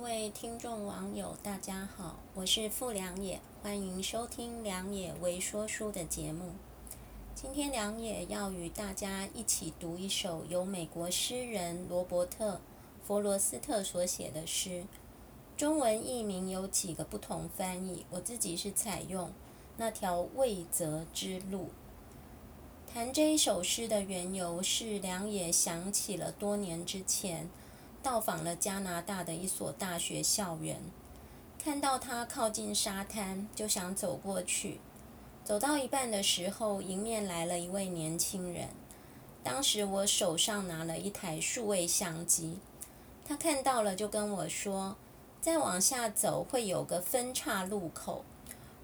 各位聽眾網友，大家好，我是傅良也，歡迎收聽良也微說書的節目。今天良也要與大家一起讀一首由美國詩人羅伯特·佛羅斯特所寫的詩，中文譯名有幾個不同翻譯，我自己是採用“那條未擇之路”。談這一首詩的緣由，是良也想起了多年之前。到訪了加拿大的一所大學校園，看到他靠近沙灘，就想走過去。走到一半的時候，迎面來了一位年輕人。當時我手上拿了一台數位相機，他看到了就跟我說：“再往下走會有個分岔路口，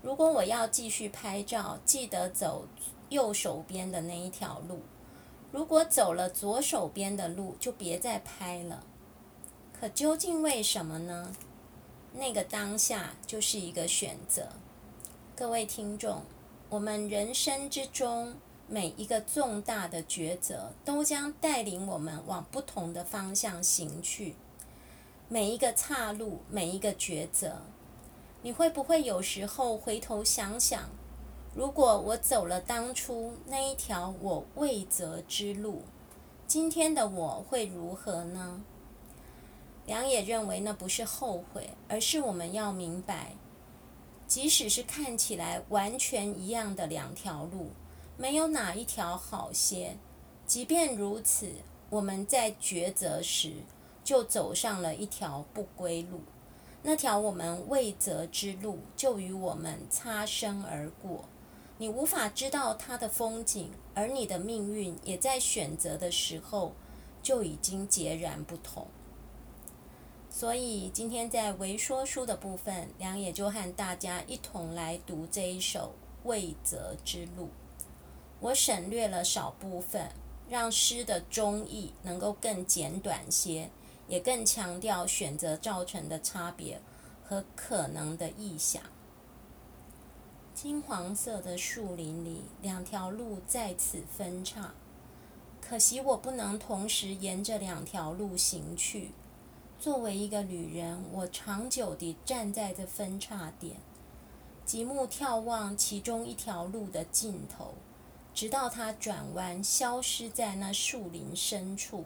如果我要繼續拍照，記得走右手邊的那一條路；如果走了左手邊的路，就別再拍了。”可究竟為什麼呢？那個當下就是一個選擇。各位聽眾，我們人生之中每一個重大的抉擇，都將帶領我們往不同的方向行去。每一個岔路，每一個抉擇，你會不會有時候回頭想想，如果我走了當初那一條我未擇之路，今天的我會如何呢？良也認為，那不是後悔，而是我們要明白，即使是看起來完全一樣的兩條路，沒有哪一條好些。即便如此，我們在抉擇時就走上了一條不歸路，那條我們未擇之路就與我們擦身而過。你無法知道它的風景，而你的命運也在選擇的時候就已經截然不同。所以今天在微說書的部分，良也就和大家一同來讀這一首《未擇之路》。我省略了少部分，讓詩的中譯能夠更簡短些，也更強調選擇造成的差別和可能的臆想。金黃色的樹林裡，兩條路在此分岔。可惜我不能同時沿着兩條路行去。作為一個旅人，我長久地站在這分叉點，極目眺望其中一條路的盡頭，直到它轉彎，消失在那樹林深處。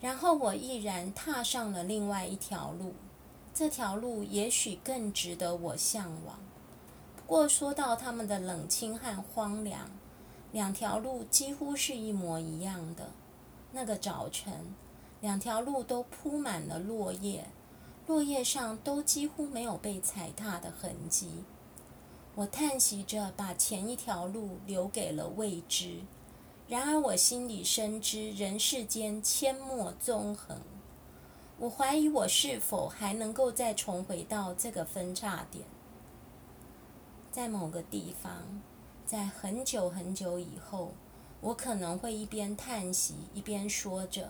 然後我毅然踏上了另外一條路，這條路也許更值得我向往。不過說到他們的冷清和荒涼，兩條路幾乎是一模一樣的。那個早晨。兩條路都鋪滿了落葉，落葉上都幾乎沒有被踩踏的痕迹。我嘆息着，把前一條路留給了未知。然而，我心裡深知，人世間阡陌縱橫。我懷疑，我是否還能夠再重回到這個分岔點？在某個地方，在很久很久以後，我可能會一邊嘆息，一邊說着。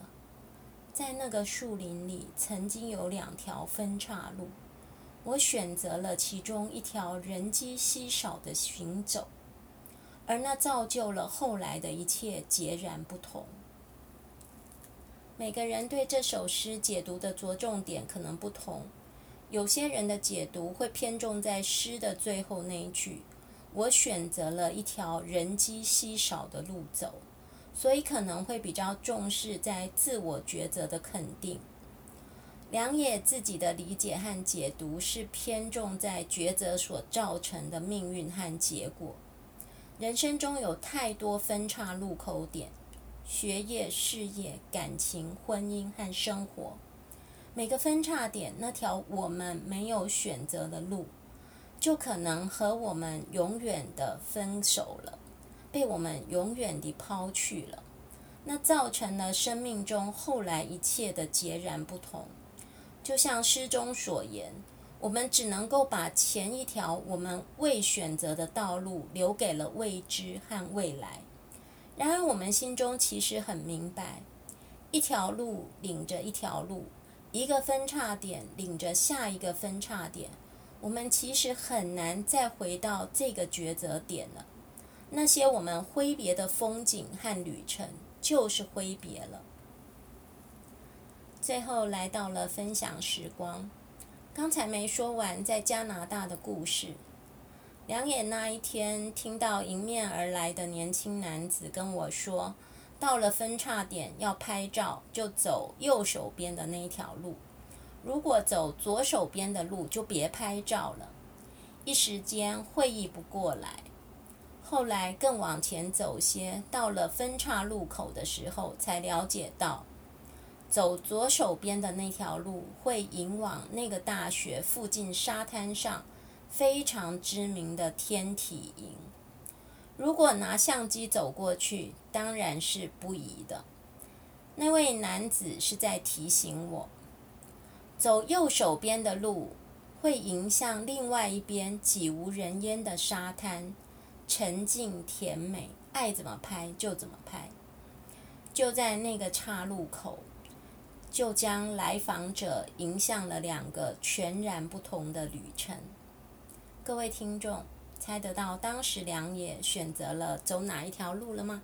在那個樹林裡，曾經有兩條分岔路，我選擇了其中一條人跡稀少的行走，而那造就了後來的一切截然不同。每個人對這首詩解讀的着重點可能不同，有些人的解讀會偏重在詩的最後那一句：“我選擇了一條人跡稀少的路走。”所以可能會比較重視在自我抉擇的肯定。良也自己的理解和解讀是偏重在抉擇所造成的命運和結果。人生中有太多分岔路口點，學業、事業、感情、婚姻和生活。每個分岔點，那條我們沒有選擇的路，就可能和我們永遠的分手了。被我們永遠地拋去了，那造成了生命中後來一切的截然不同。就像詩中所言，我們只能夠把前一條我們未選擇的道路留給了未知和未來。然而，我們心中其實很明白，一條路領着一條路，一個分叉點領着下一個分叉點，我們其實很難再回到這個抉擇點了。那些我們揮別的風景和旅程，就是揮別了。最後來到了分享時光，剛才沒說完在加拿大的故事。良也那一天，聽到迎面而來的年輕男子跟我說：“到了分叉點要拍照，就走右手邊的那條路；如果走左手邊的路，就別拍照了。”一時間會意不過來。後來更往前走些，到了分岔路口的時候，才了解到，走左手邊的那條路會迎往那個大學附近沙灘上非常知名的天體營。如果拿相機走過去，當然是不宜的。那位男子是在提醒我，走右手邊的路會迎向另外一邊幾無人煙的沙灘。沉靜甜美，愛怎麼拍就怎麼拍，就在那個岔路口，就將來訪者迎向了兩個全然不同的旅程。各位聽眾，猜得到當時良也選擇了走哪一條路了嗎？